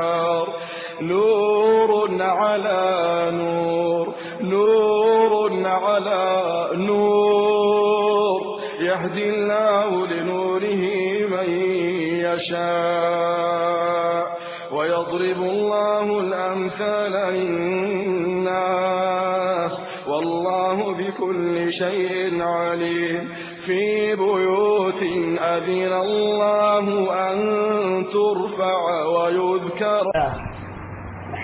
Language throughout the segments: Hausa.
نور على نور نور على نور يهدي الله لنوره من يشاء ويضرب الله الأمثال للناس والله بكل شيء عليم في بيوت أذن الله أن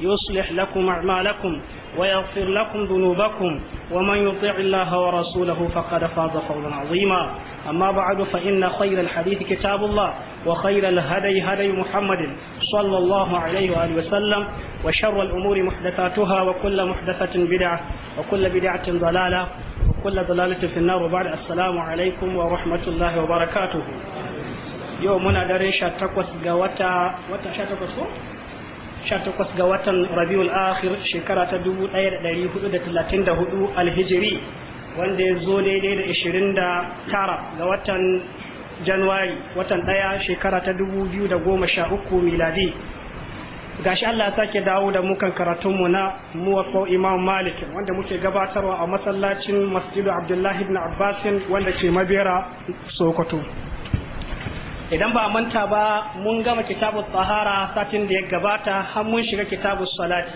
يصلح لكم أعمالكم ويغفر لكم ذنوبكم ومن يطع الله ورسوله فقد فاز فوزا عظيما أما بعد فإن خير الحديث كتاب الله وخير الهدي هدي محمد صلى الله عليه وآله وسلم وشر الأمور محدثاتها وكل محدثة بدعة وكل بدعة ضلالة وكل ضلالة في النار وبعد السلام عليكم ورحمة الله وبركاته يومنا درين شاتكوس قوتا وتا شاتكوس 18 ga watan rabiul akhir shekara ta 1434 alhijiri wanda ya zo daidai da 29 ga watan januwari watan daya shekara ta 2013 miladi gashi Allah ya sake dawo da mu kan karatunmu na muwaffau imam malik wanda muke gabatarwa a masallacin masjidu abdullahi ibn Abbas wanda ke mabera sokoto idan ba manta ba mun gama kitabu tsahara satin da ya gabata har mun shiga kitabu salati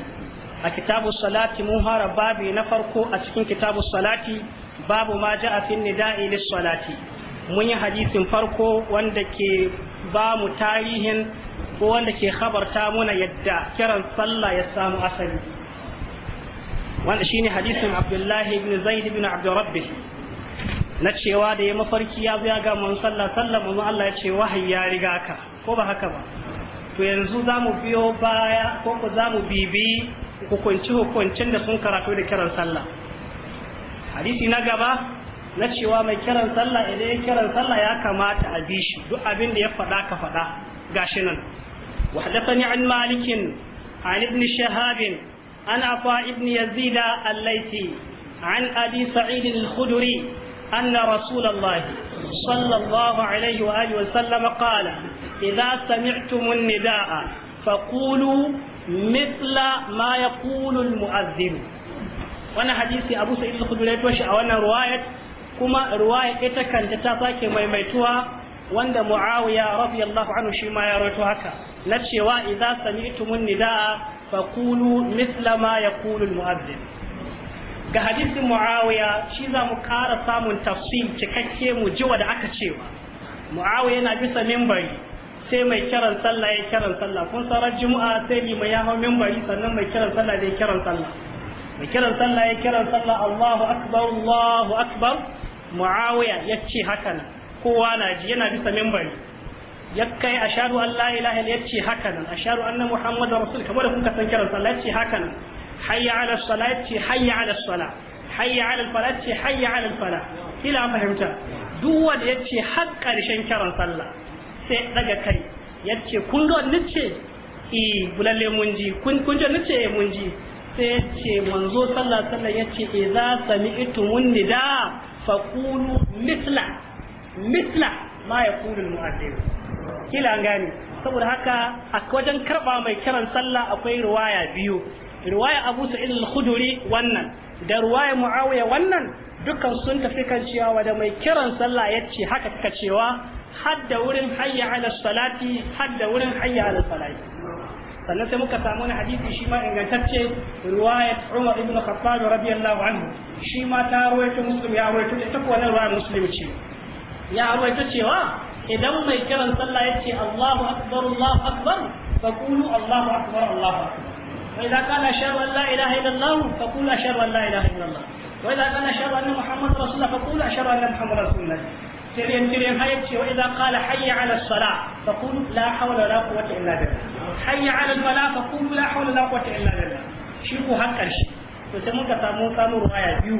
a kitabu salati mun fara babi na farko a cikin kitabu salati babu ma ja'a fi nida'i lis salati mun yi hadisin farko wanda ke ba mu tarihin ko wanda ke khabarta muna yadda kiran sallah ya samu asali wanda shine hadisin Abdullahi ibn Zaid ibn Abdurrabbih na cewa da ya mafarki ya zo ya ga mun sallah sallah mun Allah ya ce wahayi ya riga ka ko ba haka ba to yanzu za mu biyo baya ko ko za mu bibi hukunci hukuncin da sun karatu da kiran sallah hadisi na gaba na cewa mai kiran sallah idan ya kiran sallah ya kamata a bi shi duk abin da ya faɗa ka faɗa gashi nan وحدثني عن مالك عن ابن شهاب عن عطاء بن يزيد الليثي عن ابي سعيد الخدري أن رسول الله صلى الله عليه وآله وسلم قال إذا سمعتم النداء فقولوا مثل ما يقول المؤذن وانا حديث أبو سعيد الخدري توشي وانا رواية كما رواية إتكن تتاكي ما wanda Muawiya معاوية رضي الله عنه ya rawaito haka na سمعتم النداء فقولوا مثل ما يقول المؤذن ga hadisin muawiya shi za mu kara samun tafsir cikakke mu ji da aka cewa muawiya yana bisa mimbari sai mai kiran sallah ya kiran sallah kun sarar juma'a sai lima ya hau mimbari sannan mai kiran sallah ya kiran sallah mai kiran sallah ya kiran sallah Allahu akbar Allahu akbar muawiya ya ce haka nan kowa na ji yana bisa mimbari ya kai ashadu an la ilaha ya ce haka nan ashadu anna muhammadar rasul kamar da kuka san kiran sallah ya ce haka nan hayya ala salati hayya ala sala hayya ala falati hayya ala kila fahimta duk wanda yace har karshen sallah sai daga kai yace kun ga nace eh bulalle mun ji kun kun ji nace mun ji sai yace manzo sallah sallah yace idza sami'tumun nida faqulu mithla mithla ma kila saboda haka a wajen karba mai kiran sallah akwai riwaya biyu Ruwaya Abu Sa'id al-Khudri wannan da ruwaya Muawiya wannan dukkan sun tafi kan cewa da mai kiran sallah ya ce haka kika cewa hadda wurin hayya ala salati hadda wurin hayya ala salati sannan sai muka samu wani hadisi shi ma ingantacce ruwaya Umar ibn Khattab radiyallahu anhu shi ma ta rawaito Muslim ya rawaito ita ta wannan riwayar Muslim ce ya rawaito cewa idan mai kiran sallah ya ce Allahu akbar Allahu akbar fa qulu Allahu akbar Allahu akbar وإذا قال أشهد أن لا إله إلا الله فقول أشهد أن لا إله إلا الله وإذا قال أشهد أن محمد رسول الله فقول أشهد أن محمد رسول الله تريم تريم هاي وإذا قال حي على الصلاة فقول لا حول ولا قوة إلا بالله حي على الفلاح فقول لا حول ولا قوة إلا بالله شيكو هكا شيء to sai muka samu samu ruwaya biyu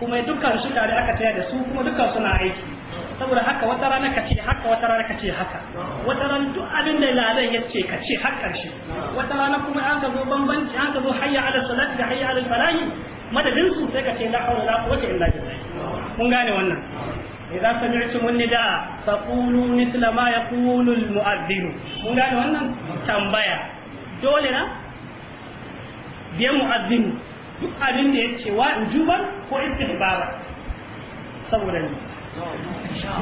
kuma dukkan su tare aka taya da su kuma dukkan suna aiki saboda haka wata rana ka ce haka wata rana ka ce haka wata rana duk abin da ya ce ka ce har karshe wata rana kuma an ka zo bambanci an ka zo hayya ala salat da hayya ala falahi madadin su sai ka ce la hawla la quwwata illa billah kun gane wannan idza sami'tum an-nida faqulu mithla ma yaqulu al-mu'adhdhin kun gane wannan tambaya dole na biya mu'adhdhin duk abin da ya ce wa in ko istihbara saboda ni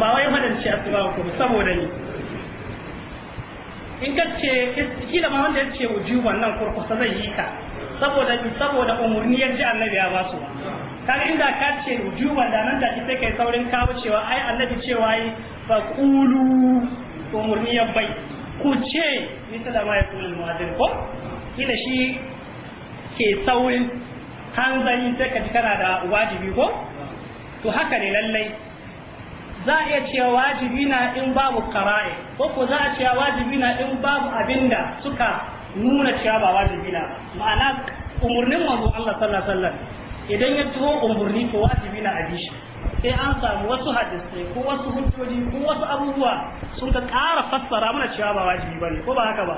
ba wai madan ce asuba ko saboda ni in ka ce kila ma wanda ya ce wujuban nan kurkusa zai yi ka saboda saboda umurni ya ji annabi ya basu kaga inda ka ce wujuban da nan da ki sai kai saurin kawo cewa ai annabi cewa wai fa qulu umurni ya bai ku ce ni da ya kulul mu'adhin ko kila shi ke saurin hanzari sai ka ji kana da wajibi ko to haka ne lallai za a iya cewa wajibi na in babu kara'i ko ko za a cewa wajibi na in babu abinda suka nuna cewa ba wajibi na ma'ana umurnin manzo Allah sallallahu alaihi wasallam idan ya tuho umurni ko wajibi na a shi sai an samu wasu hadisai ko wasu hujjoji ko wasu abubuwa sun ka ƙara fassara mana cewa ba wajibi bane ko ba haka ba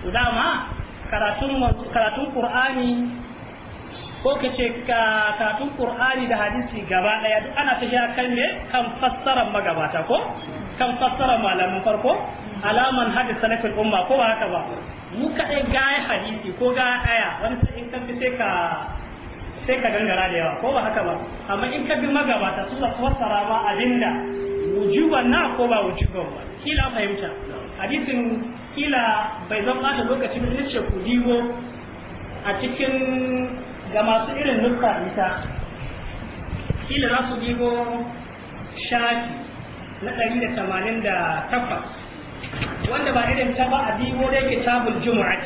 to dama karatun karatun Qur'ani ko ka ce ka katun qur'ani da hadisi gaba daya duk ana ta sha kan ne kan fassarar magabata ko kan fassarar malamin farko alaman hadis salafin umma ko ba haka ba mu dai ga hadisi ko ga aya wani sai in ka bi sai ka sai ka gangara da yawa ko ba haka ba amma in ka bi magabata su za su fassara ma abinda wujuban na ko ba wujuban ba kila fahimta hadisin kila bai zama da lokacin da ce ku dibo a cikin ga masu irin nufa ita kila za su ɗigo shafi na ɗari da tamanin da takwas wanda ba irin ta ba a ɗigo dai kitabul jumu'at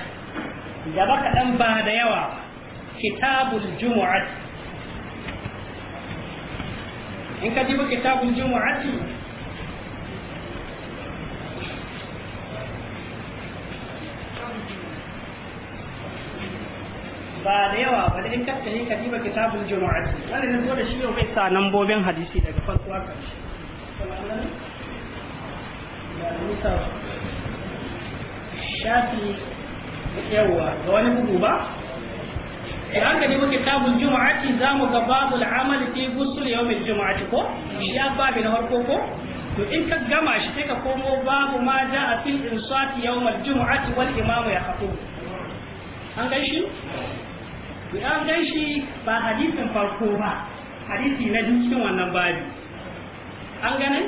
ba kaɗan ba da yawa kitabul jumu'at in ka ɗigo kitabul jumu'at ba da yawa ba in ka kai ka diba kitabul nan da shi yau bai sa nambobin hadisi daga farko har ƙarshe shafi yawa ga wani bugu ba da haka ne muke tabul juma'ati za mu ga fi gusul juma'ati ko ya babu na farko ko to in ka gama shi sai ka komo babu ma ja a fil insati yawmal juma'ati wal imamu ya hafu an shi. to ya gan shi ba hadisin farko ba hadisi na cikin wannan babi an gane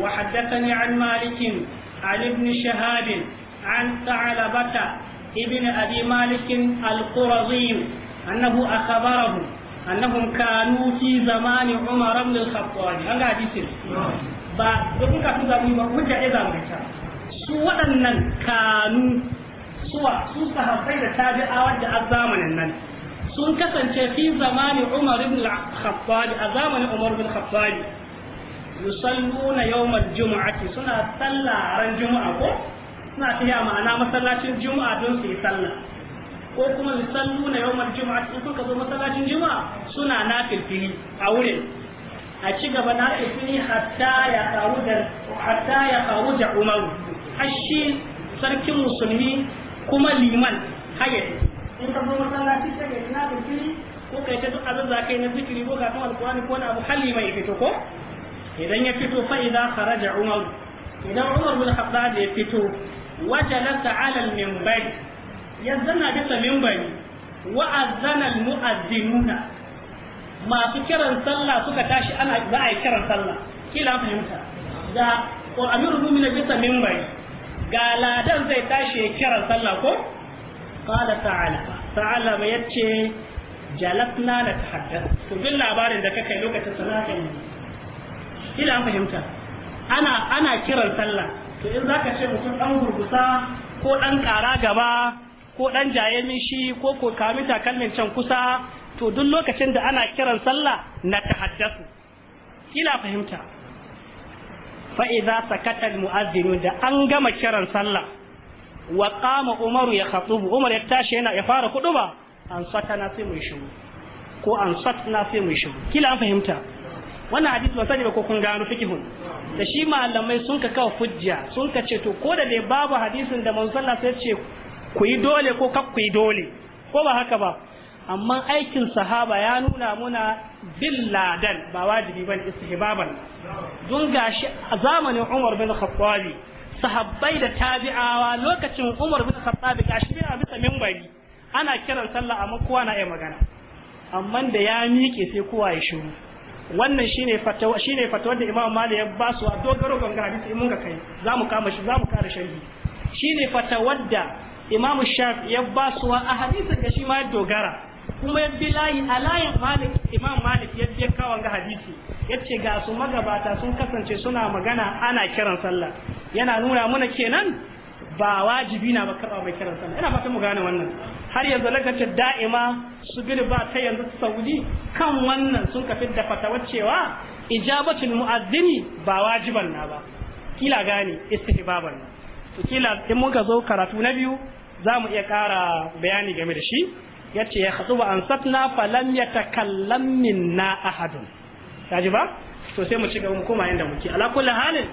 wa haddathani an malikin an ibn shahabin an sa'labata ibn abi malikin al-qurazi annahu akhbarahu annahum kanu fi zamani umar ibn al-khattab an ga hadisin ba duk ka su zamu ba hujja da zamu ta su waɗannan kanu suwa su sahabbai da tabi'awan da azamanin nan sun kasance fi zamani Umar ibn al-Khattab a zamanin Umar ibn al-Khattab yusalluna yawmal jumu'ati suna sallah ran juma'a ko suna tafiya ma'ana masallacin juma'a don su yi sallah ko kuma yusalluna yawmal jumu'ati in suka zo masallacin juma'a suna nafilfili a wurin a ci gaba nafilfili hatta ya karuja hatta ya karuja Umar ashi sarkin musulmi kuma liman haya in ka zo masallaci sai ka ina da kiri ko kai ta duk abin za kai na zikiri ko kafin alkurani ko na abu hali mai fito ko idan ya fito fa idza kharaja umar idan umar bin khattab ya fito wajalasa ala al-minbar yazzana bisa minbari wa azana al-mu'azzinuna masu kiran sallah suka tashi ana za a yi kiran sallah kila fahimta da ko amirul mu'minin bisa minbari ga ladan zai tashi ya kira sallah ko qala ta'ala ta'ala mai yace jalatna na tahaddath to duk labarin da kake lokacin sallah kai ila an fahimta ana ana kiran sallah to in zaka ce mutum dan gurgusa ko dan kara gaba ko dan jaye shi, ko ko kami takalmin can kusa to duk lokacin da ana kiran sallah na tahaddasu. ila fahimta fa idza sakata al da an gama kiran sallah wa qama umaru ya khatubu umar ya tashi yana ya fara kuduba an satana sai mu shigo ko an sai mu shigo kila an fahimta wannan hadisi ban sani ba ko kun gano fikihun da shi malamai sun ka kawo hujja sun ka ce to ko da dai babu hadisin da manzon Allah sai ce ku yi dole ko kak ku yi dole ko ba haka ba amma aikin sahaba ya nuna muna bin ladan ba wajibi ban istihbaban dun gashi a zamanin Umar bin Khattabi sahabbai da tabi'awa lokacin Umar bin Khattabi gashi bin a bisa minbari ana kiran sallah amma kowa na iya magana amma da ya miƙe sai kowa ya shiru wannan shine fatawa shine fatawar da Imam Malik ya ba su a dogaro ga hadisi in mun ka kai zamu kama shi zamu kare Shi shine fatawar da Imam Shafi ya ba su a hadisin da shi ma ya dogara kuma ya bi layi a layin malik imam malik ya je kawan ga hadisi ya ce ga su magabata sun kasance suna magana ana kiran sallah yana nuna mana kenan ba wajibi na ba karɓa mai kiran sallah ina fata mu gane wannan har yanzu lokacin da'ima su ba ta yanzu saudi kan wannan sun kafin da fatawar cewa ijabatul mu'azzini ba wajiban na ba kila gane istihbaban to kila in muka zo karatu na biyu za mu iya ƙara bayani game da shi yace ya khadu wa ansatna falam min na ahadun kaji ba to sai mu ci gaba mu koma inda muke ala kulli halin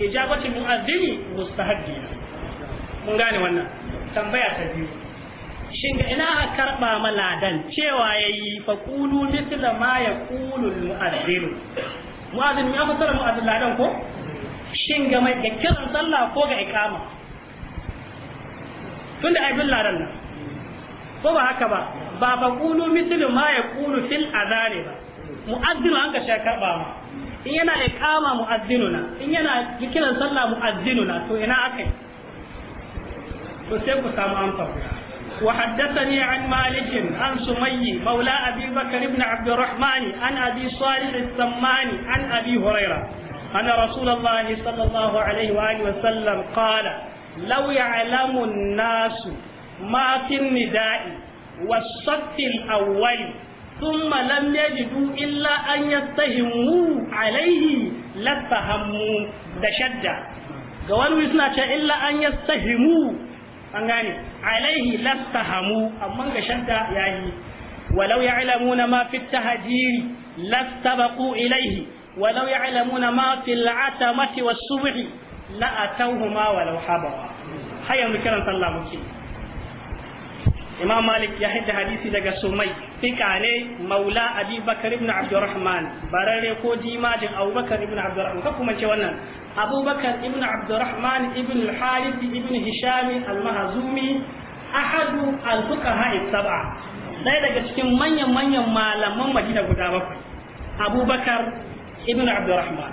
ijabatu mu'adhdhini mustahabbi mun gane wannan tambaya ta biyu shin ga ina a karba maladan cewa yayi fa qulu mithla ma yaqulu al-mu'adhdhin mu'adhdhin ya fasara mu'adhdhin ladan ko shin ga mai ga kiran sallah ko ga iqama tunda ai bin ladan nan ko ba haka ba ba fa qulu mithlu ma yaqulu fil adhan ba mu'azzin an ka sha karba ma in yana iqama mu'azzinuna in yana kiran sallah mu'azzinuna to ina akai to sai ku samu amsa an عن maula عن سمي مولى أبي بكر بن عبد الرحمن عن أبي صالح السماني عن أبي هريرة أن رسول الله صلى الله عليه وآله وسلم قال لو يعلم الناس ma'at nida'i was-sakt al-awwal thumma lam yajidu illa an yastahimu alayhi la tahammu da shadda ga wani wisna ce illa an yastahimu an gane la tahammu amma ga shadda yayi walau ya'lamuna ma fi tahajiri la tabaqu ilayhi walau ya'lamuna ma fi al-atamati was-subhi la atawhuma walau habawa hayya mukallan sallallahu alaihi imam malik ya hidda hadisi daga sumai fika ne maula abi bakar ibn abdurrahman barare ko jimajin abubakar ibn abdurrahman ka kuma ce wannan abubakar ibn abdurrahman ibn al ibn hisham al-mahzumi ahadu al-fuqaha sab'a ɗaya daga cikin manyan manyan malaman madina guda bakwai abubakar ibn abdurrahman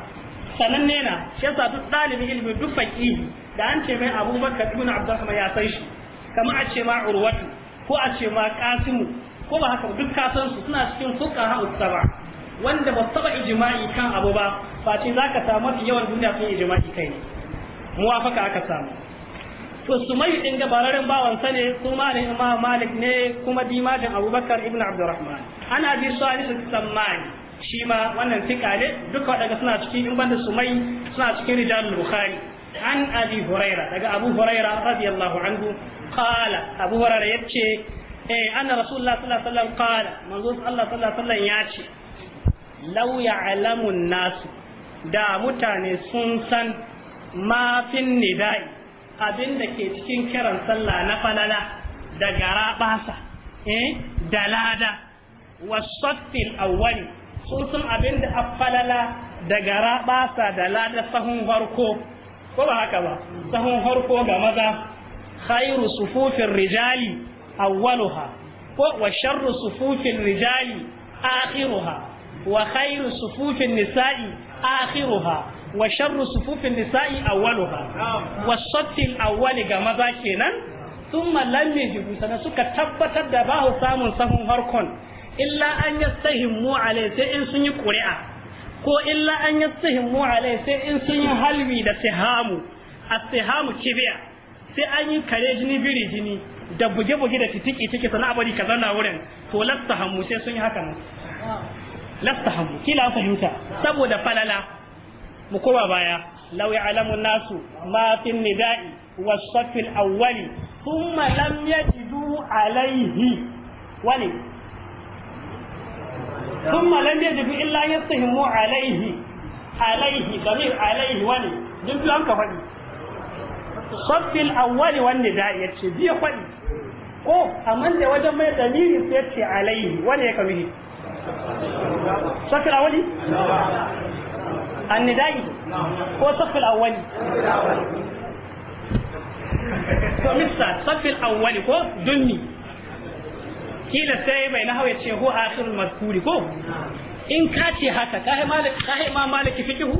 sananne na shi yasa duk ɗalibin ilimi duk faƙihi da an ce mai abubakar ibn abdurrahman ya san shi kama a ce ma urwatu ko a ce ma kasimu ko ba haka duk kasan su suna cikin fuqaha usaba wanda ba taba ijma'i kan abu ba za zaka samu yawan duniya sun ijma'i kai ne muwafaka aka samu to sumayyu din bararin bawan sa ne kuma ne imam malik ne kuma dimajin abubakar ibn abdurrahman ana bi salih samman shi ma wannan fika ne duka daga suna cikin in banda sumai suna cikin rijalul bukhari an abi huraira daga abu huraira radiyallahu anhu qala abu hurairah yace eh anna rasulullah sallallahu alaihi wasallam qala manzo Allah sallallahu alaihi wasallam yace law ya'lamu an-nas da mutane sun san ma fin nida'i da ke cikin kiran sallah na falala da garabasa eh dalada lada wasaffil awwali sun san da falala da garabasa da dalada sahun farko ko ba haka ba sahun farko ga maza khairu sufufin rijali awwaluha wa sharru sufufin rijali akhiruha wa khairu sufufin nisa'i akhiruha wa sharru sufufin nisa'i awwaluha wa sattil awwali ga maza kenan sun lam yajibu sana suka tabbatar da ba samun sahun harkon illa an in sun yi ƙuri'a ko illa alai sai in sun yi halwi da sihamu as-sihamu kibiya sai an yi kare jini biri jini da buge-buge da titiki tiki sana abari ka zauna wurin to lasta hamu sai sun yi haka nan lasta hamu kila fahimta saboda falala mu koma baya law ya'lamu nasu ma fi nida'i was-saff al-awwali thumma lam yajidu alayhi wani thumma lam yajidu illa yastahimu alayhi alayhi damir alayhi wani duk an ka faɗi sabbil awwali wan nida'i yace biya kwadi ko amma da wajen mai dalili sai yace alaihi wani ya kamihi sabbil awwali an nida'i ko sabbil awwali to mista sabbil awwali ko dunni kila sai bai na hawa ce ko akhirul mazkuri ko in ka ce haka ka ma maliki fikihu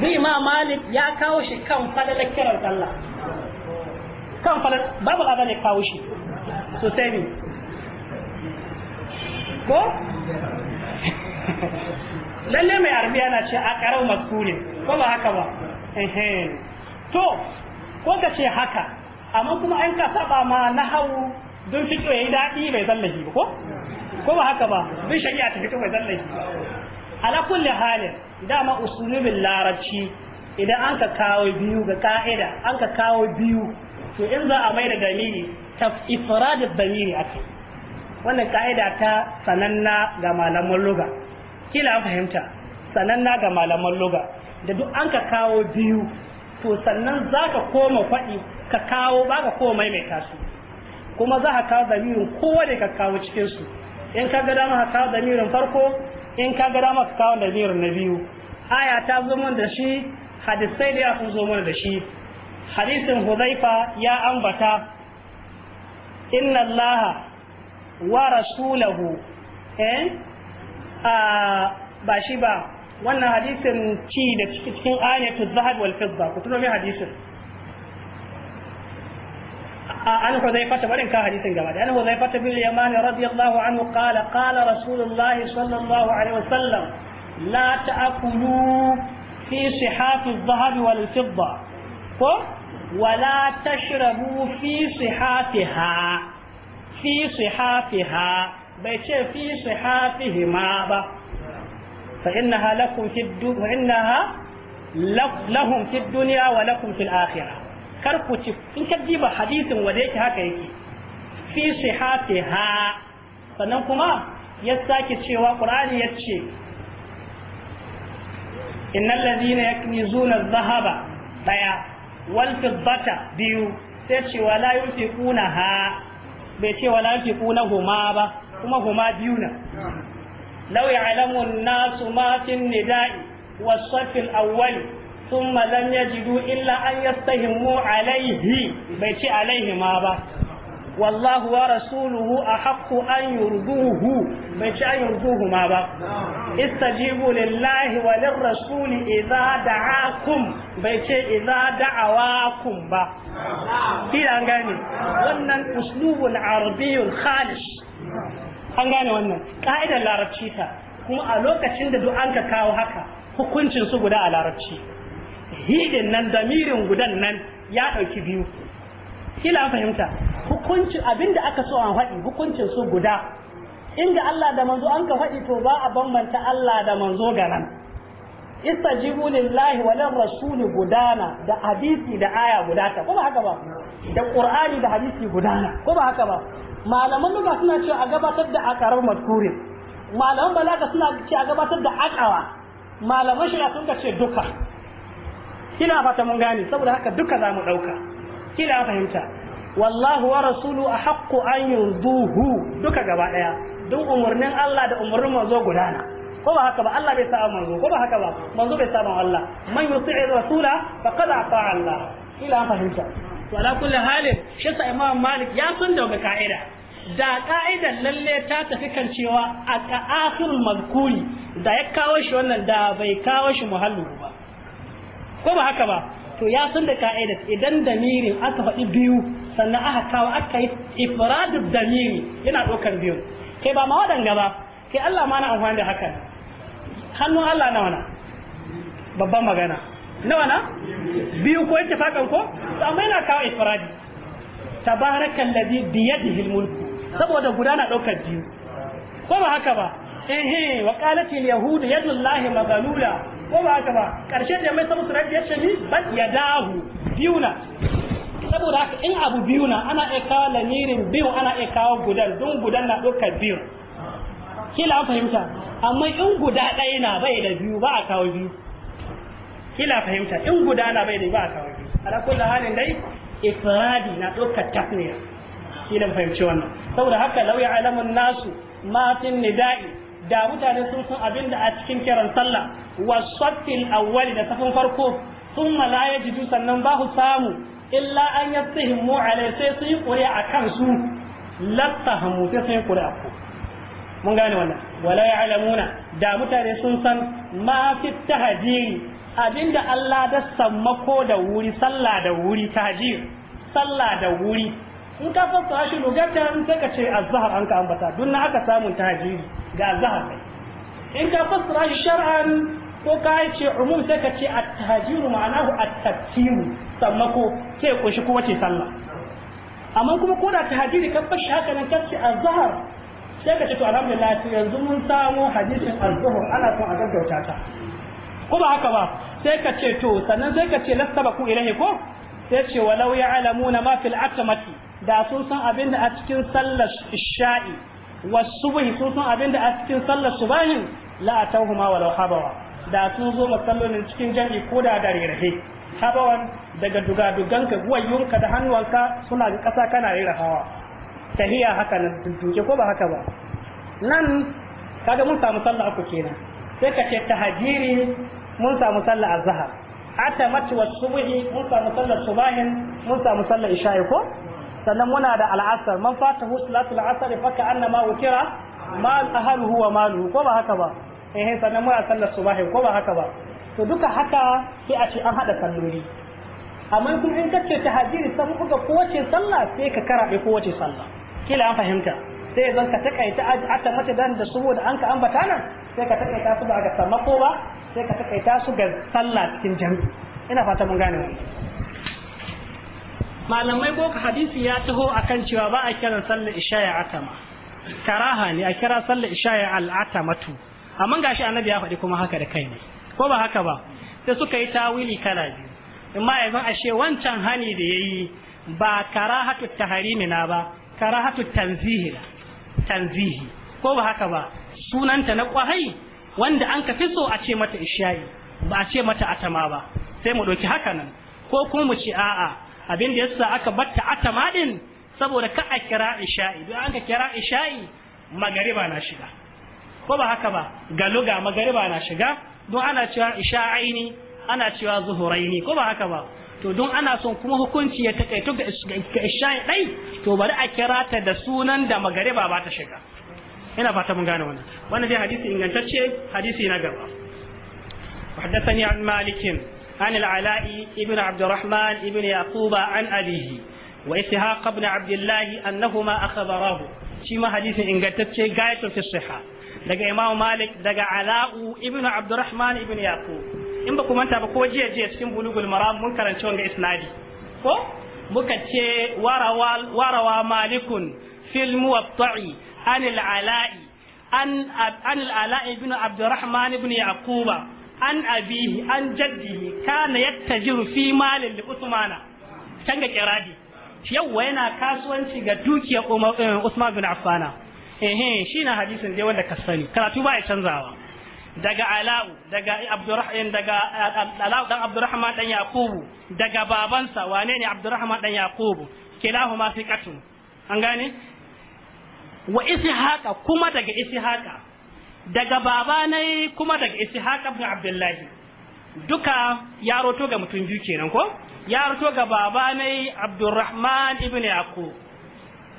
bi ma malik ya kawo shi kan falalar kiran Allah kan falalar babu abin da kawo shi sosai ne ko lalle mai arabiya na ce a karau maskulin ko ba haka ba to ko ka ce haka amma kuma an ka saba ma na hau don fito ya yi daɗi mai zallaji ba ko ko ba haka ba bin shari'a ta fito bai zallaji ala kulli halin dama usulubin larabci idan an ka kawo biyu ga ka'ida an ka kawo biyu to in za a mai da damiri ta ifradin damiri ake wannan ka'ida ta sananna ga malaman luga kila an fahimta sananna ga malaman luga da duk an ka kawo biyu to sannan za ka koma faɗi ka kawo ba ka koma maimaita su kuma za ka kawo damirin da ka kawo cikinsu in ka ga dama ka kawo damirin farko in ka ga dama ka da biyar na biyu aya ta zo mun da shi hadisai da sun zo mun da shi hadisin huzaifa ya ambata inna allaha wa rasulahu eh ba shi ba wannan hadisin ci da cikin ayatul zahab wal fidda ku tuno hadisin عن حذيفة ولن كان حديثا قبل عن حذيفة بن اليمان رضي الله عنه قال قال رسول الله صلى الله عليه وسلم لا تأكلوا في صحاف الذهب والفضة ولا تشربوا في صحافها في صحافها بيت في صحافهما فإنها لكم في الدنيا لهم في الدنيا ولكم في الآخرة kar ku ci in ka diba hadisin wanda yake haka yake fi sihatiha sannan kuma ya sake cewa qur'ani yace innal ladina yaknizuna adh-dhahaba daya wal fiddata biyu sai ce wala yunfiquna ha bai ce wala yunfiquna huma ba kuma huma biyu na law ya'lamu an-nasu ma fi an-nida'i was-saff al-awwal ثم لم يجدوا إلا أن يتهموا عليه بيتي عليه ما با والله ورسوله أحق أن يرضوه بيتي أن يرضوه ما با استجيبوا لله وللرسول إذا دعاكم بيتي إذا دعواكم با في أنغاني ونن أسلوب عربي خالص أنغاني ونن قائد العربشيتا kuma a lokacin da duk an ka kawo haka hukuncin su guda a larabci hidin nan damirin gudan nan ya ɗauki biyu kila fahimta hukunci abinda aka so an faɗi hukuncin su guda inda Allah da manzo an ka faɗi to ba a bambanta Allah da manzo ga nan istajibu lillahi wa lir rasul gudana da hadisi da aya guda ta ko ba haka ba da qur'ani da hadisi gudana ko ba haka ba malaman nuna suna cewa a gabatar da akarar mazkuri malaman balaga suna cewa a gabatar da akawa malaman shari'a sun ce duka kila fata mun gane saboda haka duka za mu ɗauka kila fahimta wallahu wa rasulu a haƙƙo an yurduhu duka gaba ɗaya duk umarnin Allah da umarnin manzo gudana ko ba haka ba Allah bai sa'a manzo ko ba haka ba manzo bai sa'a Allah man yuti'i rasula faqad ata'a Allah kila fahimta to ala kulli halin shi sa Imam Malik ya sun daga ka'ida da ka'idar lalle ta tafi kan cewa a ka'akhirul mazkuri da ya kawo shi wannan da bai kawo shi muhallu ba ko ba haka ba to ya san da ka'idar idan damirin aka faɗi biyu sannan aka kawo aka yi ifradu damiri yana ɗaukar biyu kai ba ma waɗanga ba kai Allah ma na amfani da hakan hannun Allah na wana babban magana na wana biyu ko yake fakan ko to amma yana kawo ifradi tabarakal ladhi bi yadihi mulku saboda guda na ɗaukar biyu ko ba haka ba eh eh wa qalat al yahud yadullahi maghlula ko ba haka ba karshen da mai sabu surat ya ce ni bal yadahu na saboda haka in abu biyu na ana iya kawo lamirin biyu ana iya kawo gudan don gudan na ɗaukar biyu kila fahimta amma in guda ɗaya na bai da biyu ba a kawo biyu kila fahimta in guda na bai da ba a kawo biyu ala kullu halin dai ifradi na ɗaukar tasniya kila fahimci wannan saboda haka law alamun nasu ma nida'i da mutane sun san abin da a cikin kiran sallah wa sattil awwali da safin farko sun malaya yajidu sannan ba su samu illa an yastahimu alai sai sun yi ƙuri'a a kan su lattahamu sai sun yi ƙuri'a ko mun gane wannan wala ya'lamuna da mutane sun san ma fi abin abinda Allah da sammako da wuri sallah da wuri tahjir sallah da wuri in ka fassara shi lugatan sai ka ce azhar an ka ambata duk na aka samu tahjiri ga azhar kai in ka fassara shi shar'an ko ka ce umum sai ka ce at-tahjiru ma'anahu at-tafsiru sammako sai kunshi ko wace sallah amma kuma ko da tahjiri ka fashi haka nan ka ce azhar sai ka ce to alhamdulillah yanzu mun samu hadisin azhar ana son a gaggauta ta ko ba haka ba sai ka ce to sannan sai ka ce lasta ba ku ilahi ko sai ce walau ya alamuna ma fil atamati da sun san abin da a cikin sallar isha'i wasu bai sun san abin da a cikin sallar su subahin la huma walau habawa da sun zo masallolin cikin jam'i ko da dare rahe habawan daga dugaduganka guwayyunka da hannuwanka suna ga ƙasa kana rirahawa tahiya haka nan duke ko ba haka ba nan kaga mun samu sallah uku kenan sai ka ce tahajiri mun samu sallah azhar ta mati wasu subuhi mun samu sallar subahin mun samu sallar isha'i ko sannan muna da al'asar man fata hu salatul asr fa ka annama ukira mal ahluhu wa maluhu ko ba haka ba eh sannan muna sallar subahi ko ba haka ba to duka haka sai a ce an hada salloli amma kun in kace tahajiri san kuka kowace sallah sai ka karabe kowace sallah kila an fahimta sai zan ka takaita ta mata dan da saboda an ka ambata nan sai ka takaita su ba ga samako ba sai ka takaita su ga sallah cikin jami'i ina fata mun gane wannan malamai boko hadisi ya taho akan cewa ba a kira sallar isha ya atama karaha ne a kira sallar isha ya al'atamatu amma gashi annabi ya faɗi kuma haka da kai ne ko ba haka ba sai suka yi tawili kala biyu amma yanzu ashe wancan hani da yayi ba karahatu taharimi na ba karahatu tanzihi tanzihi ko ba haka ba sunanta na kwahai wanda an ka so a ce mata isha'i ba a ce mata atama ba sai mu ɗauki haka nan ko kuma mu ce a'a abin da yasa aka batta atama din saboda ka a kira isha'i don an ka kira isha'i magariba na shiga ko ba haka ba galuga magariba na shiga don ana cewa isha'aini ana cewa zuhuraini ko ba haka ba to don ana son kuma hukunci ya takaito ga isha'i dai to bari a kira ta da sunan da magariba ba ta shiga ina fata mun gane wannan wannan dai hadisi ingantacce hadisi na gaba وحدثني عن مالك عن العلاء ابن عبد الرحمن ابن يعقوب عن أبيه وإسحاق بن عبد الله أنهما أخبراه شيما حديث إن غاية في الصحة daga Imam Malik daga Ala'u ibn Abdurrahman ibn Yaqub in ba ku manta ba ko jiya jiya cikin bulugul maram mun karanci wanga isnadi ko muka ce warawa warawa malikun fil muwatta'i an al-ala'i an an al-ala'i ibn an abihi an jaddihi kana yattajiru fi malin li usmana can ga kiradi yawwa yana kasuwanci ga dukiya eh, usman bin affana eh shi na hadisin dai wanda ka sani karatu ba ya canzawa daga ala'u daga abdurrahman daga eh, ala'u dan abdurrahman dan Yaqub daga babansa wane ne abdurrahman dan Yaqub kilahuma qatun an gane wa ishaqa kuma daga ishaqa daga baba ne kuma daga ishaq ibn abdullahi duka ya roto ga mutum biyu kenan ko ya roto ga baba ne abdurrahman ibn yaqub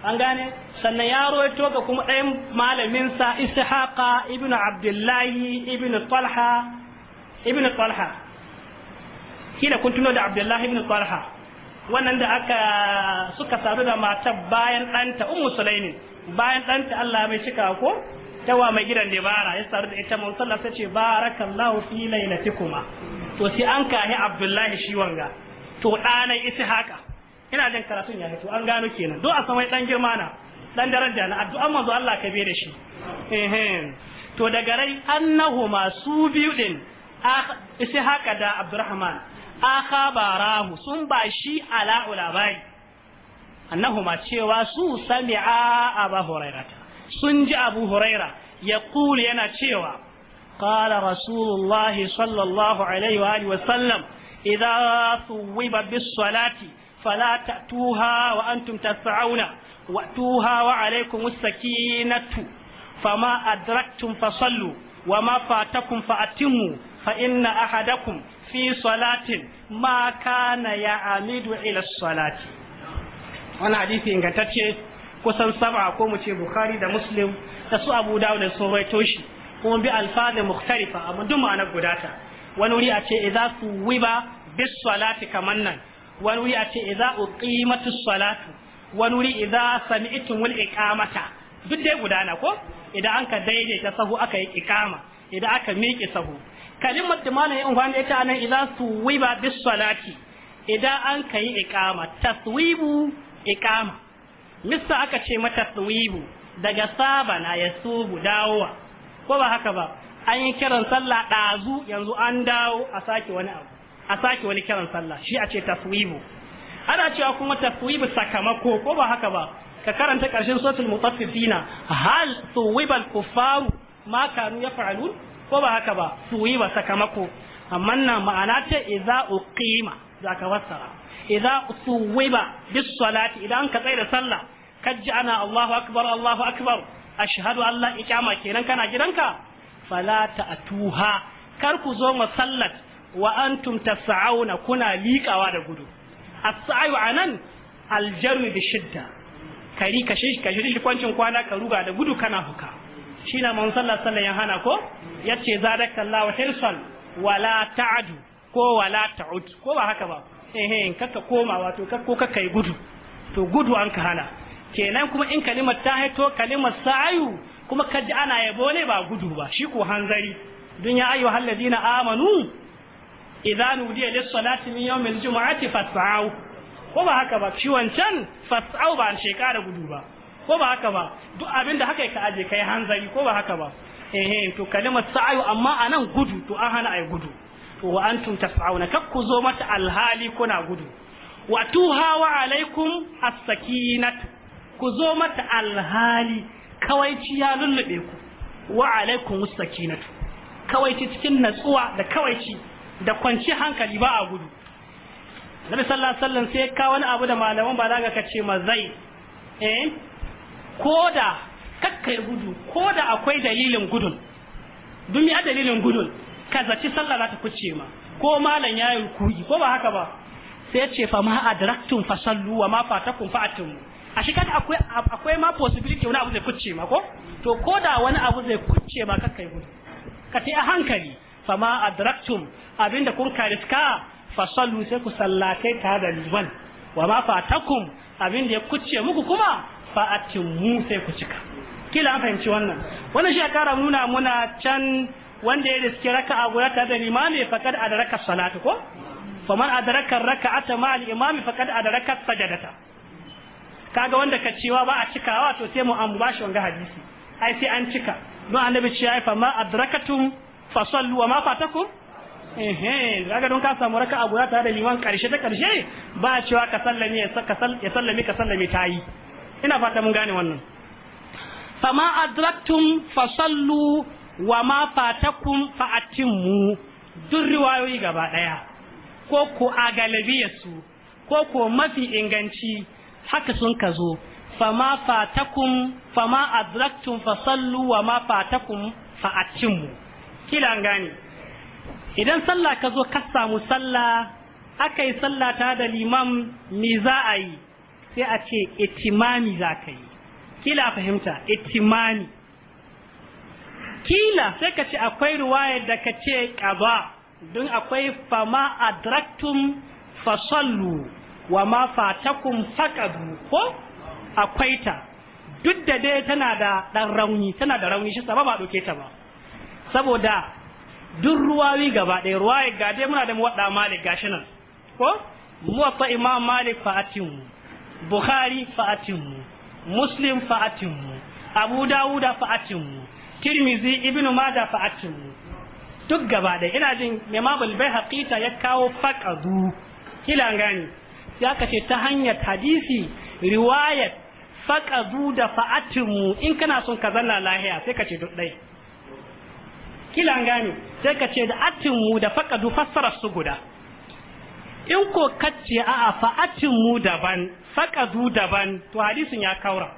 an gane sannan ya roto ga kuma ɗayan malamin sa ishaqa ibn abdullahi ibn talha ibn talha kila kun tuno da abdullahi ibn talha wannan da aka suka sadu da matar bayan ɗanta ummu sulaimin bayan ɗanta Allah mai cika ko tawa mai gidan dabara ya saru da ita manzo sallallahu alaihi wasallam barakallahu fi lailatikuma to sai an kahi abdullahi shi wanga to ɗanai haka ina jin karatun ya to an gano kenan do a san wai dan girma na dan daraja na addu'an manzo Allah ka da shi eh to daga rai annahuma su biyu din haka da abdurrahman akhabarahu sun ba shi ala ulabari annahuma cewa su sami'a abu hurairata sun ji abu huraira ya kuli yana cewa ƙala rasulullahi sallallahu alaihi wa alihi wasallam idza thuwiba bis salati fala ta'tuha wa antum tas'auna wa tuha wa alaikum as-sakinatu fama adraktum fasallu wa ma fatakum fa'timu fa inna ahadakum fi salatin ma kana amidu ila salati wani hadisi ingantacce kusan sab'a ko mu ce bukhari da muslim da su abu dawud da sun rawaito shi kuma bi alfaz mukhtalifa amma duk ma'anar gudata wani wuri a ce idza suwiba bis salati kaman nan wani wuri a ce idza uqimatu salatu wani wuri idza sami'tumul iqamata duk dai gudana ko idan an ka daidaita sahu aka yi iqama idan aka miƙe sahu kalimar da malamin yan uwan ita anan idza suwiba bis salati idan an ka yi iqama taswibu iqama mista aka ce mata tsawibu daga saba na ya tsubu dawowa ko ba haka ba an yi kiran sallah ɗazu yanzu an dawo a sake wani abu a sake wani kiran sallah shi a ce taswibu ana cewa kuma taswibu sakamako ko ba haka ba ka karanta ƙarshen suratul mutafifina, hal suwibal kufaru ma kanu faru ko ba haka ba tsawibar sakamako amma na ma'ana ce iza za zaka fassara idza suwiba bis salati idan ka tsaya da sallah kaji ana Allahu akbar Allahu akbar ashhadu an la ikama kenan kana gidanka fala atuha kar ku zo masallat wa antum tas'auna kuna liƙawa da gudu as anan aljarmi bi shidda kari ka shi ka shi kwancin kwana ka ruga da gudu kana huka shi na mun sallah sallah ya hana ko yace zadaka Allah wa wala ta'du ko wala ta'ud ko ba haka ba in kaka koma wato ko kaka yi gudu to gudu an ka hana kenan kuma in kalimar ta haito kalimar sa'ayu kuma kaji ana yabo ne ba gudu ba shi ko hanzari dun ya ayyuhal ladina amanu idza nudiya lis salati min yawmil jumu'ati fas'au ko ba haka ba shi wancan fas'au ba an shekara gudu ba ko ba haka ba duk abinda da haka ka aje kai hanzari ko ba haka ba ehe to kalimar sa'ayu amma anan gudu to an hana ai gudu wa antum tas'auna kakku zo mata alhali kuna gudu wa tuha wa alaikum as sakinat ku zo mata alhali Kawai ci ya lullube ku wa alaikum as Kawai ci cikin natsuwa da kawai ci da kwanci hankali ba a gudu Nabi sallallahu alaihi wasallam sai ka wani abu da malaman za ka ma mazai eh koda kakkai gudu koda akwai dalilin gudun dumi a dalilin gudun kaza ci sallah za ta kuce ma ko malam ya yi rukuyi ko ba haka ba sai ya ce fa ma adraktum fa sallu wa ma fatakum fa atimu a shi kada akwai akwai ma possibility wani abu zai kuce ma ko to ko da wani abu zai kuce ma kakka yi gudu ka ta hankali fa ma adraktum abinda kun kariska fa sallu sai ku sallatai tare da liban wa ma fatakum abinda ya kuce muku kuma fa atimu sai ku cika kila an fahimci wannan wannan shi ya kara muna muna can wanda ya riske raka'a guda ya da limami faqad adraka salatu ko faman adraka raka'ata ma al-imami faqad adraka sajadata kaga wanda ka cewa ba a cikawa to sai mu an bashi wanga hadisi ai sai an cika don annabi ce ai fama adrakatum fasallu wa ma fatakum ehe kaga don ka samu raka'a guda tare da liman karshe ta karshe ba a cewa ka sallame ya sallame ka sallame yi ina fata mun gane wannan fama adraktum fasallu wa ma fatakum mu, duk riwayoyi gaba ɗaya ko ko a galibiyarsu ko ko mafi inganci haka sun ka zo fama fatakum fama adraktum fasallu wa ma fatakum fa'atimmu kila gane idan sallah ka zo ka samu sallah aka yi sallah ta da limam me za a yi sai a ce itimami za ka yi kila fahimta itimami kila sai ka ce akwai ruwaya da ka ce ƙaba don akwai fama adraktum fasallu wa ma fatakum faƙadu ko akwai ta duk da dai tana da ɗan rauni tana da rauni shi ba ɗauke ta ba saboda duk ruwawi gaba ɗaya ruwaye ga dai muna da muwaɗa malik gashi nan ko muwaɗa imam malik fa'atin bukhari fa'atin muslim fa'atin abu dawuda fa'atin tirmizi ibnu mada fa akimu duk gaba da ina jin mai al-baihaqi ta ya kawo faqadu kila gani ya kace ta hanyar hadisi riwayat faqadu da fa'atimu in kana son ka zanna lahiya sai ka duk dai kila gani sai ka ce da atimu da faqadu fassara su guda in ko kace a a fa'atimu daban faqadu daban to hadisin ya kaura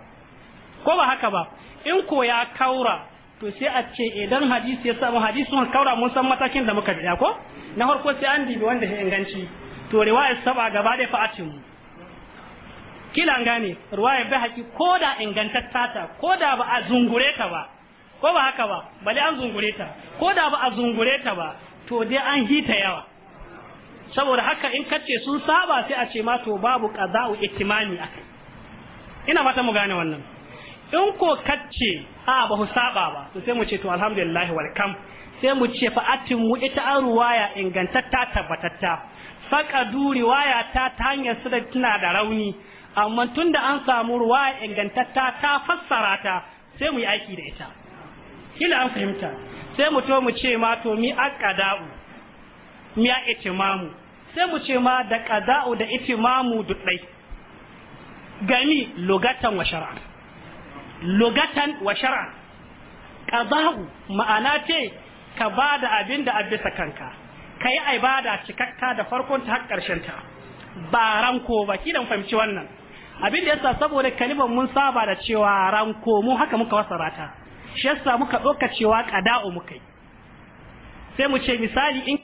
ko ba haka ba in ko ya kaura to sai a ce idan hadisi ya samu hadisi sun kaura mun san matakin da muka biya ko na farko sai an dibi wanda ya inganci to riwaya saba gaba da fa mu kila an gane riwaya bai haki ko da ingantatta ta ko da ba a zungure ta ba ko ba haka ba bale an zungure ta ko da ba a zungure ta ba to dai an hita yawa saboda haka in kace sun saba sai a ce ma to babu qada'u ittimani akai ina fata mu gane wannan in ko kacce a ba ku saba ba to sai mu ce to alhamdulillah welcome sai mu ce fa mu ita an ruwaya ingantatta tabbatatta faqadu riwaya ta ta hanyar su tana da rauni amma tunda an samu ruwaya ingantatta ta fassara ta sai mu yi aiki da ita kila an fahimta sai mu to mu ce ma to mi aqada'u mi ya itimamu sai mu ce ma da qada'u da itimamu duk dai gami lugatan wa shar'an lugatan wa shar'an qada'u ma'ana ce ka ba da abin da abisa kanka ka yi bada cikakka da farkon ta harkarshen ƙarshen ta ba ranko ba kidan fahimci wannan abin da yasa saboda kalimar mun saba da cewa ranko mu haka muka wasara ta shi yasa muka ɗauka cewa qada'u muka yi sai mu ce misali in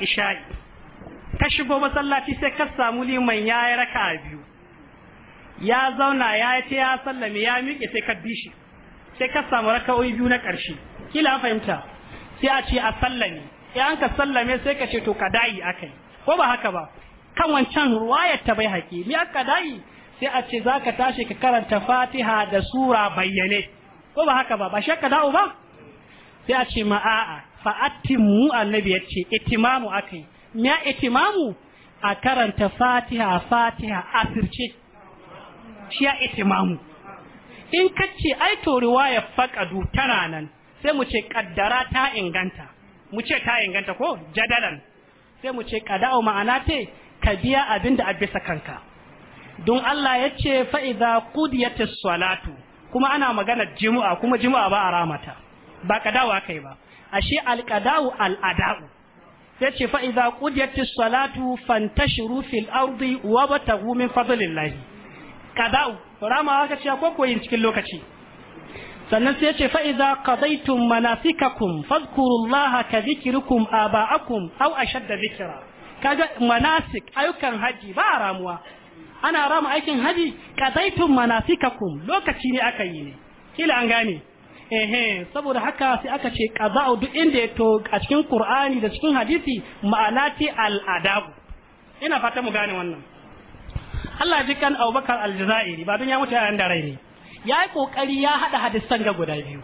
isha'i ka shigo masallaci sai ka samu liman yayi raka'a biyu ya zauna ya ce ya sallame ya miƙe sai ka bi shi sai ka samu raka'o'i biyu na ƙarshe kila fahimta sai a ce a sallame in an ka sallame sai ka ce to ka dayi akai ko ba haka ba kan wancan ruwayar ta bai haƙi mi aka dayi sai a ce za ka tashi ka karanta fatiha da sura bayyane ko ba haka ba ba shi ka dawo ba sai a ce ma'a'a fa'attimu annabi ya ce itimamu akai miya itimamu a karanta fatiha fatiha asirce shi ya itimamu in ka ce ai to riwayar faqadu tana nan sai mu ce kaddara ta inganta mu ce ta inganta ko jadalan sai mu ce qada'u ma'ana te ka biya abinda a bisa kanka don Allah ya ce fa idza qudiyatis salatu kuma ana magana jimu'a kuma jimu'a ba a ramata ba qada'u kai ba ashe alqada'u al'ada'u sai ce fa idza qudiyatis salatu fantashiru fil ardi wabtaghu min fadlillahi kada'u ramawa ka ce ko koyin cikin lokaci sannan sai ce fa'iza qadaytum manasikakum fadhkurullaha ka dhikrikum aba'akum aw ashadda dhikra kaga manasik ayyukan haji ba ramuwa ana rama aikin haji qadaytum manasikakum lokaci ne aka yi ne kila an gane ehe saboda haka sai aka ce qada'u duk inda ya to a cikin qur'ani da cikin hadisi ma'ana ce al'adabu ina fata mu gane wannan Allah ji kan Abubakar Aljazairi ba don ya mutu yayin da rai ne ya yi kokari ya hada hadisan ga guda biyu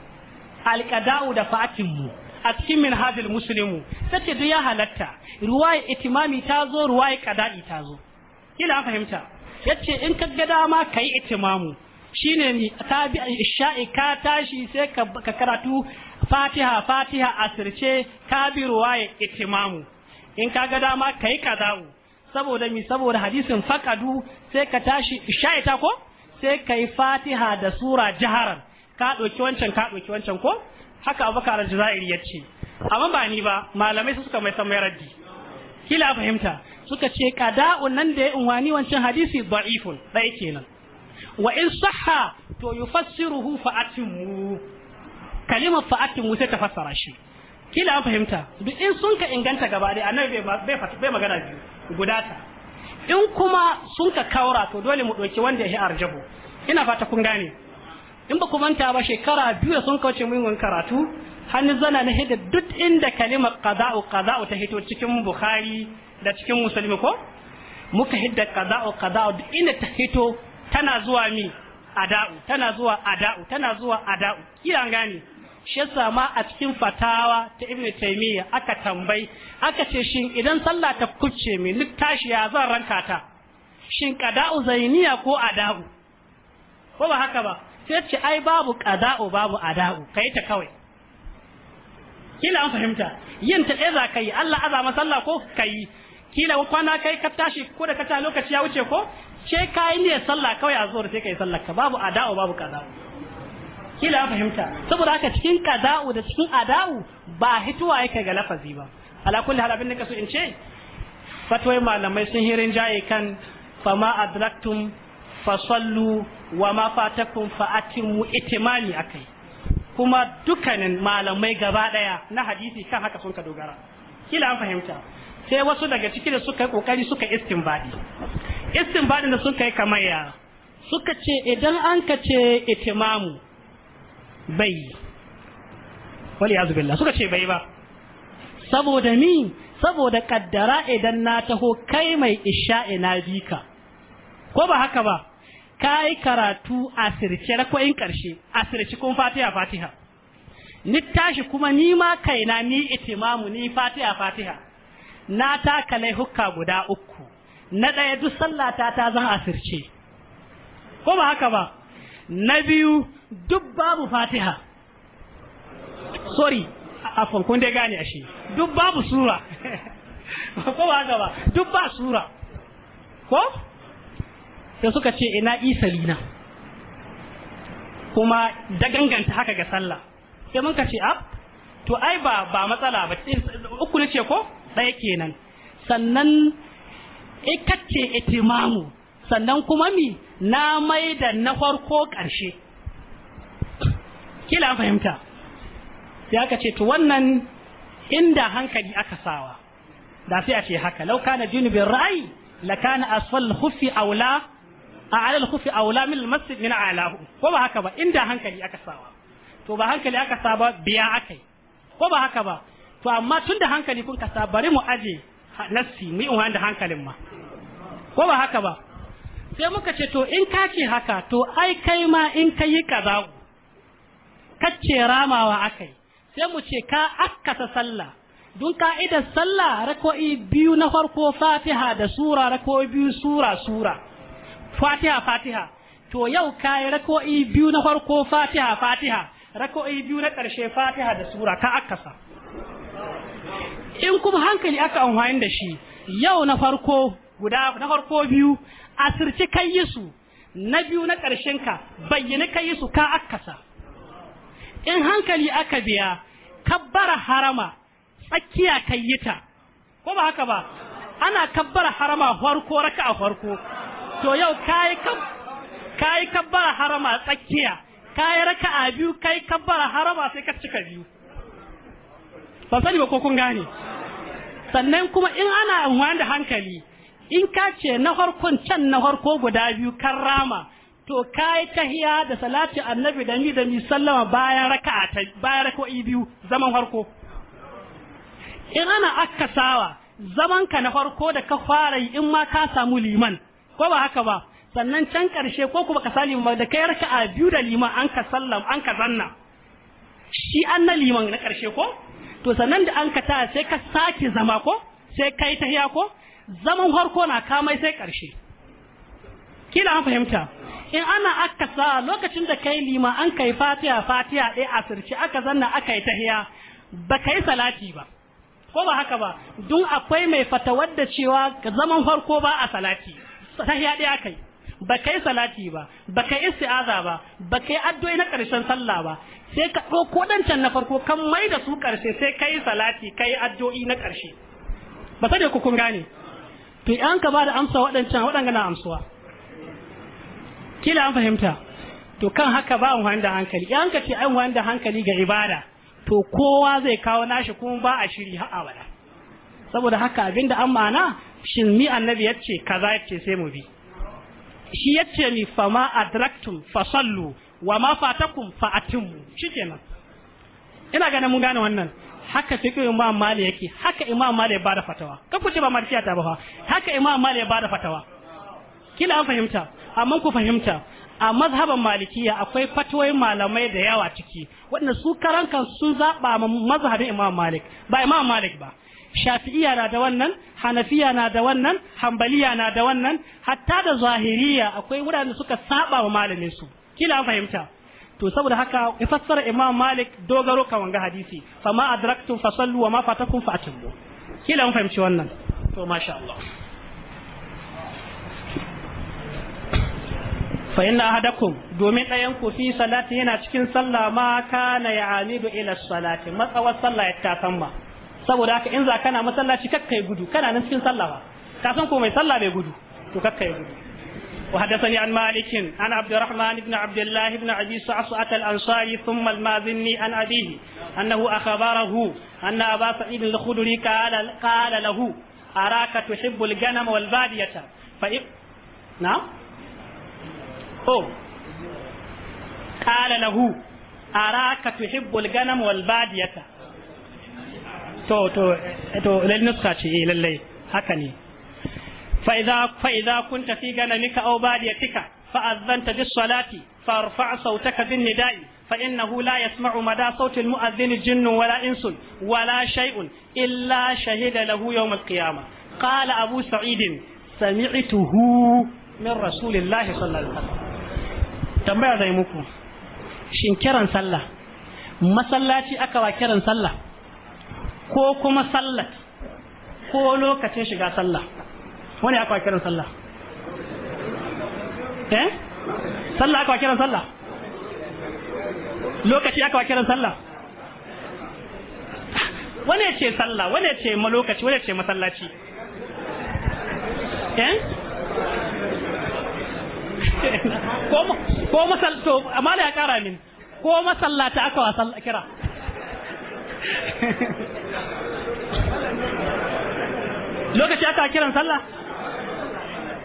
alqada'u da Fatimu, a cikin minhajul muslimu sace duk ya halatta ruwaya itimami ta zo ruwaya qada'i ta zo kila fahimta yace in ka ga dama kai itimamu shine ni tabi isha'i ka tashi sai ka karatu fatiha fatiha asirce ka bi ruwaya itimamu in ka ga dama kai qada'u saboda mi saboda hadisin fakadu sai ka tashi ishaita ko sai kai fatiha da sura jaharan ka ɗauki wancan ka ɗauki wancan ko haka abubakar al-jazairi ya ce amma ba ni ba malamai su suka mai san mai raddi kila fahimta suka ce qada'un nan da ya unwani wancan hadisi da'ifun dai kenan wa in sahha to yufassiruhu fa atimmu kalimar fa sai ta fassara shi kila fahimta duk in sun ka inganta gaba dai annabi bai bai magana biyu gudata in kuma sun ka kaura to dole mu ɗauki wanda ya arjabu ina fata kun gane in ba ku manta ba shekara biyu da sun kauce mun karatu hannu zana na hidda duk inda kalimar qada'u qada'u ta hito cikin bukhari da cikin musulmi ko muka hidda qada'u qada'u duk inda ta hito tana zuwa mi ada'u tana zuwa ada'u tana zuwa ada'u gane shi yasa ma a cikin fatawa ta ibnu taymiya aka tambayi aka ce shin idan sallah ta kucce mi tashi ya zan ranka ta shin qada'u zainiya ko adahu ko ba haka ba sai ce ai babu qada'u babu adahu kai ta kawai kila an fahimta yin ta ɗaya za ka yi Allah azama sallah ko ka yi kila kwana kai ka tashi ko da ka ta lokaci ya wuce ko ce ka yi niyyar sallah kawai a zuwa sai ka yi sallah ka babu adahu babu qada'u kila an fahimta saboda haka cikin kaza'u da cikin adawu ba hituwa yake ga lafazi ba ala kulli hal abin da kaso in ce fatwai malamai sun hirin jaye kan fa ma adraktum fasallu wa ma fatakum fa atimu itimani akai kuma dukkanin malamai gaba daya na hadisi kan haka sun ka dogara kila an fahimta sai wasu daga ciki da suka yi kokari suka istinbadi istinbadin da suka yi kamar ya suka ce idan an ka ce itimamu bai wali azubillah suka ce bai ba saboda ni saboda kaddara idan na taho kai mai isha'i na bi ka ko ba haka ba ka yi karatu a sirce rakwayin karshe a sirce kun fatiha fatiha ni tashi kuma ni ma kaina ni itimamu ni fatiha fatiha na takalai hukka guda uku na ɗaya duk sallata ta zan asirce ko ba haka ba na biyu duk babu fatiha sorry afon kun dai gane ashe duk babu sura ko ba haka ba duk ba sura ko sai suka ce ina isalina kuma daganganta haka ga sallah sai mun ka ce ab to ai ba ba matsala ba uku ne ce ko ɗaya kenan sannan ikacce itimamu sannan kuma mi na mai da na farko ƙarshe kila an fahimta sai aka ce to wannan inda hankali aka sawa da sai a ce haka law kana junubin ra'ayi la kana asfal khuffi aula a alal khuffi aula min almasjid min alahu ko ba haka ba inda hankali aka sawa to ba hankali aka sa ba biya akai ko ba haka ba to amma tun da hankali kun ka bari mu aje nassi mu yi da hankalin ma ko ba haka ba sai muka ce to in ka ce haka to ai kai ma in ka yi kaza ku. kacce ramawa akai sai mu ce ka akkasa sallah dun ka'idar sallah rako'i biyu na farko fatiha da sura rako'i biyu sura sura fatiha fatiha to yau kayi rako'i biyu na farko fatiha fatiha rako'i biyu na ƙarshe fatiha da sura ka akasa in kuma hankali aka amfani da shi yau na farko guda na farko biyu asirci kai yi su na biyu na ƙarshen ka bayyana kai yi su ka akasa in hankali aka biya kabbara harama tsakiya kai yi ta ko ba haka ba ana kabbara harama farko raka a farko to yau kayi kayi kabbara harama tsakiya kayi raka a biyu kayi kabbara harama sai ka cika biyu ba sani ba ko kun gane sannan kuma in ana amfani da hankali in ka ce na farkon can na farko guda biyu kan rama to kai tahiya da salati annabi da ni da ni sallama bayan raka'a ta bayan raka'o'i biyu zaman farko in ana akkasawa zaman ka na farko da ka fara yi in ma ka samu liman ko ba haka ba sannan can karshe ko kuma ka salimu ba da kai raka'a biyu da liman an ka sallam an ka zanna shi an na liman na karshe ko to sannan da an ka ta sai ka sake zama ko sai kai tahiya ko zaman farko na kamai sai karshe kila an fahimta in ana akasa lokacin da kai lima an kai fatiha fatiha ɗaya a sirci aka zanna aka yi tahiya ba kai salati ba ko ba haka ba dun akwai mai fatawar da cewa zaman farko ba a salati tahiya ɗaya aka yi ba kai salati ba ba kai isti'aza ba ba kai addu'o'i na ƙarshen sallah ba sai ka ɗauko ɗancan na farko kan mai da su ƙarshe sai kai salati kai addu'o'i na ƙarshe ba sai da ku kun gane to an ka ba da amsa waɗancan waɗanga na amsuwa kila an fahimta to kan haka ba mu da hankali in ka ce an amfani da hankali ga ibada to kowa zai kawo nashi kuma ba a shiri har abada saboda haka abinda an ma'ana shin mi annabi yace ce kaza yace ce sai mu bi shi ya ce mi fama adraktum fa sallu wa ma fatakum fa atimmu shikenan ina ganin mun gane wannan haka fiqh imam mali yake haka imam mali ya bada fatawa kafuce kuce ba marfiya ta ba haka imam mali ya bada fatawa kila an fahimta amma ku fahimta a mazhaban malikiya akwai fatwai malamai da yawa ciki waɗanda su karan sun zaba ma mazhabin imam malik ba imam malik ba shafi'iya na da wannan hanafiya na da wannan hambaliya na da wannan hatta da zahiriya akwai da suka saba wa malamin su kila fahimta to saboda haka ya imam malik dogaro kan wanga hadisi fa ma adraktum sallu wa ma fatakum fa atimmu kila fahimci wannan to masha Allah fa inna ahadakum domin ɗayan ku fi salati yana cikin sallah ma kana ya amidu ila salati matsawar sallah ya ta samma saboda haka in za kana masallaci kakkai gudu kana nan cikin sallah ba ka san ko mai sallah bai gudu to kakkai gudu وحدثني عن مالك عن عبد الرحمن بن عبد الله بن ابي صعصعة الانصاري ثم المازني عن ابيه انه اخبره ان ابا سعيد الخدري قال قال له تحب والبادية نعم قوم قال له أراك تحب الغنم والبادية تو تو تو للنسخة شيء إيه، للي هكني فإذا فإذا كنت في غنمك أو باديتك فأذنت بالصلاة فارفع صوتك بالنداء فإنه لا يسمع مدى صوت المؤذن الجن ولا إنس ولا شيء إلا شهد له يوم القيامة قال أبو سعيد سمعته من رسول الله صلى الله عليه وسلم tambaya zai muku shin kiran sallah masallaci aka wa kiran sallah ko kuma sallah ko lokacin shiga sallah wani aka wa kiran sallah eh sallah aka wa kiran sallah lokaci aka wa kiran sallah wane ce sallah wane ce lokaci wane ce masallaci eh ko masal to amma da ya kara min ko masallata aka wa sallah kira lokaci aka kiran sallah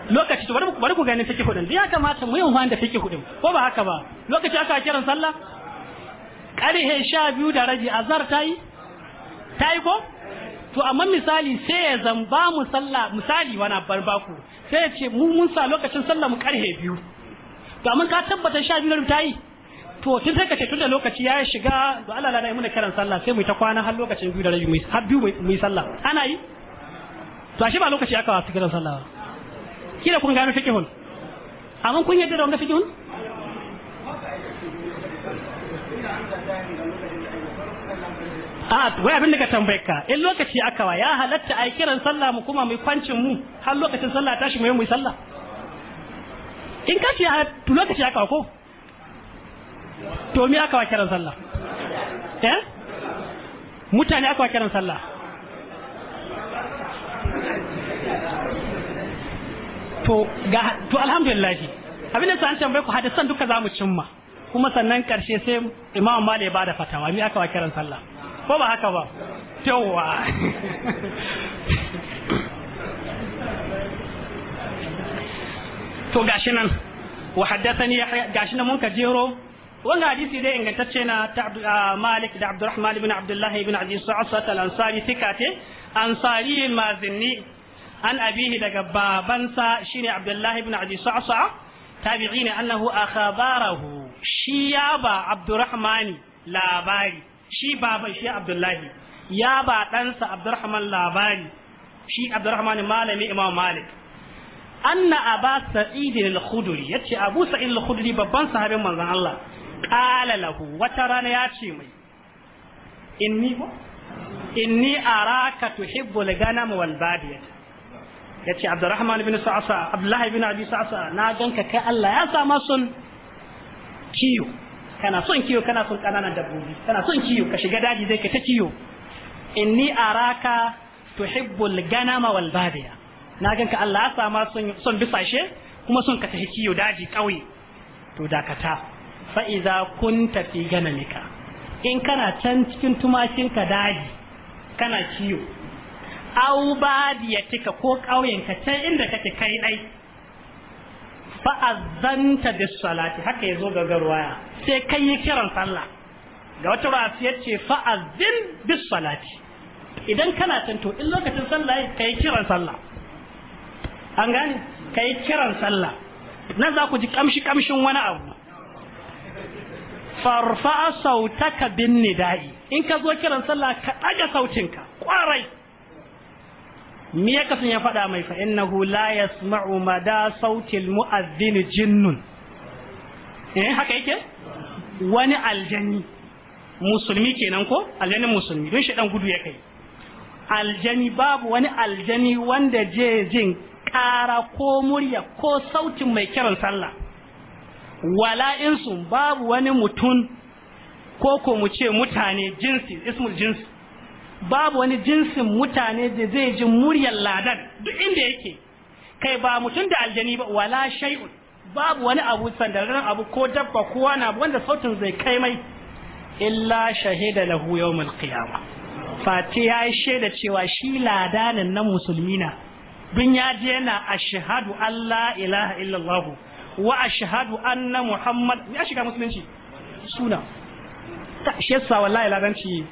lokaci to bari ku gani take kudin ya kamata mu yi amfani da take kudin ko ba haka ba lokaci aka kiran sallah ƙarhe sha biyu da rabi azar ta yi ta yi ko to amma misali sai ya zan mu sallah misali wana barbaku sai ya ce mu mun sa lokacin sallah mu karhe biyu to amma ka tabbata sha biyu ta yi to tun sai ka ce tunda lokaci ya shiga da Allah lana muna kiran sallah sai mu ta kwana har lokacin biyu da rabi mu har biyu mu yi sallah ana yi to ashe ba lokaci aka wasu karan sallah kira kun gano fiqhun amma kun yadda da wannan fiqhun a wai abin da ka tambaye ka in lokaci aka wa ya halatta a kiran sallah mu kuma mu kwancin mu har lokacin sallah tashi mu yi mu sallah in ka ce to lokaci aka wa ko to mi aka wa kiran sallah eh mutane aka wa kiran sallah to ga to alhamdulillah abin da san tambaye ku hadisan duka zamu cimma kuma sannan karshe sai imam malai ba da fatawa mi aka wa kiran sallah ko ba haka ba yawa to gashi nan wa haddathani yahya gashi nan mun ka jero wannan hadisi dai ingantacce na ta ah, Malik da Abdurrahman ibn Abdullah ibn Aziz Sa'sat al-Ansari tikate ansari mazinni an abihi daga babansa shine Abdullah ibn Aziz Sa'sa tabi'in annahu akhbarahu shi ya ba abdurrahman labari shi baban shi abdullahi ya ba ɗansa abdurrahman labari shi abdurrahman malami imam malik anna aba sa'id al-khudri yace abu sa'id al-khudri babban sahabin manzon Allah qala lahu wata rana yace mai inni inni araka ganam ya ce abdurrahman bin sa'asa abdullahi bin abi sa'asa na ganka kai Allah ya sama son kiyo kana son kiyo kana son kananan dabbobi kana son kiyo ka shiga daji zai ka ta kiyo inni araka tuhibbul ganama wal badiya na ganka Allah ya sama son son bisashe kuma son ka tafi kiyo daji kauye to dakata fa idza kunta fi ganamika in kana can cikin tumakinka daji kana kiyo au tika ko ƙauyenka can inda kake kai dai fa azanta bis salati haka yazo ga garwaya sai kai yi kiran sallah ga wata rafi yace fa azin bis salati idan kana can to in lokacin sallah kai kiran sallah an gane kai kiran sallah nan za ku ji kamshi kamshin wani abu farfa sautaka bin nida'i in ka zo kiran sallah ka daga sautinka kwarai mi ya kasan ya faɗa mai fa innahu la yasma'u mada sautil mu'adhdhin jinnun eh haka yake wani aljani musulmi kenan ko aljani musulmi don shi dan gudu ya kai aljani babu wani aljani wanda je jin kara ko murya ko sautin mai kiran sallah wala insun babu wani mutum ko ko mu ce mutane jinsi ismul jinsi babu wani jinsin mutane da zai ji muryar ladan duk inda yake kai ba mutum da aljani ba wala shay'un babu wani abu sandarren abu ko dabba ko wani abu wanda sautin zai kai mai illa shahida lahu yawmal qiyama fati ya shaida cewa shi ladanin na musulmina dun ya je yana ashhadu alla ilaha illallah wa ashhadu anna muhammad ya shiga musulunci suna shi yasa wallahi ladanci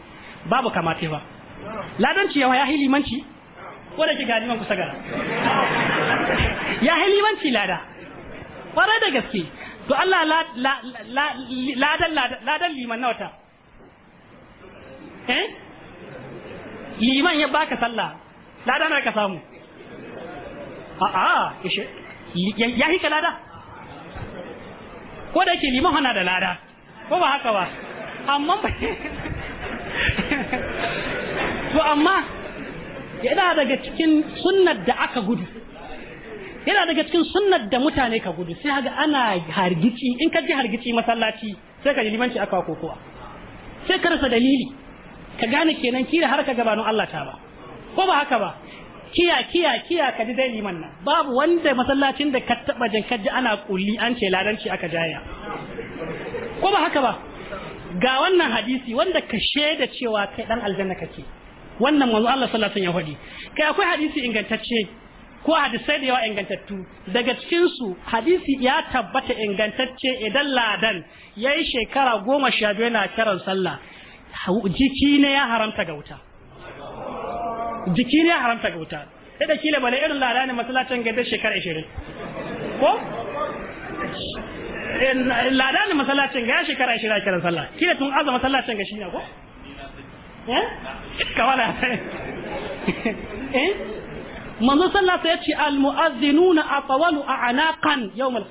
babu kamata ba ladanci yawa ya hi limanci ko da ke gani liman kusa gara ya hi limanci lada kwarai da gaske to Allah ladan ladan liman na wata eh liman ya baka sallah ladan na ka samu a'a ya hika lada ko da liman na da lada ko ba haka ba amma to amma yana daga cikin sunnar da aka gudu yana daga cikin sunnar da mutane ka gudu sai haga ana hargici in ka ji hargici masallaci sai ka limanci aka kokowa sai ka rasa dalili ka gane kenan kira har ka gabanin Allah ta ba ko ba haka ba kiya kiya kiya ka ji dai liman nan babu wanda masallacin da ka taba jan ka ji ana kulli an ce ladanci aka jaya ko ba haka ba ga wannan hadisi wanda ka shaida cewa kai dan aljanna kake wannan manzo Allah sallallahu alaihi wasallam ya faɗi kai akwai hadisi ingantacce ko hadisai da yawa ingantattu daga cikin su hadisi ya tabbata ingantacce idan ladan yayi shekara goma sha biyu yana kiran sallah jiki ne ya haramta ga wuta jiki ne ya haramta ga wuta da kila bale irin lada eh, ne masallacin ga shekara 20 ko lada ne masallacin ga shekara 20 kiran sallah kila tun azama masallacin ga shi ne ko Eh? kawala eh manzo sallallahu ya ce al mu'azzinuna atwalu a'naqan yawm al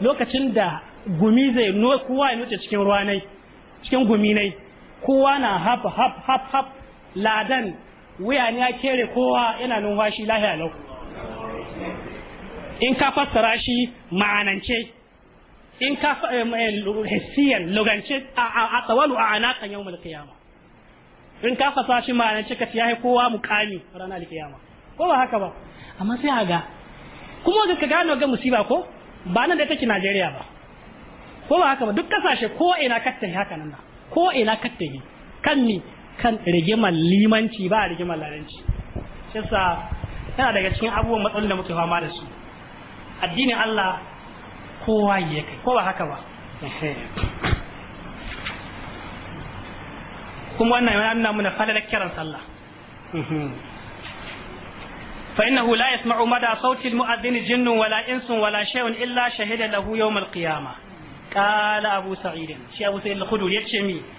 lokacin da gumi zai no kowa ya nuce cikin ruwa cikin gumi nai kowa na hap hap hap hap ladan wuya ne ya kere kowa yana numfashi lahiya lau in ka fassara shi ma'anance in ka eh, eh, hissiyan lugance a tsawalu a anakan yawon kiyama in ka fasa shi ma'anar cika ya yi kowa mukami ranar alkiyama ko ba haka ba amma sai a ga kuma ga ka gano ga musiba ko ba nan da take Najeriya ba ko ba haka ba duk kasashe ko ina kattahi haka nan na ko ina kattahi kan ni kan rigimar limanci ba rigimar lalanci shi sa yana daga cikin abubuwan matsalolin da muke fama da su addinin Allah kowa yake ko ba haka ba kuma wannan yana nuna muna falalar kiran sallah fa innahu la yasma'u mada sautil mu'adhdhin jinnun wala insun wala shay'un illa shahida lahu yawm al-qiyamah qala abu sa'id shi abu sa'id al-khudri yace mi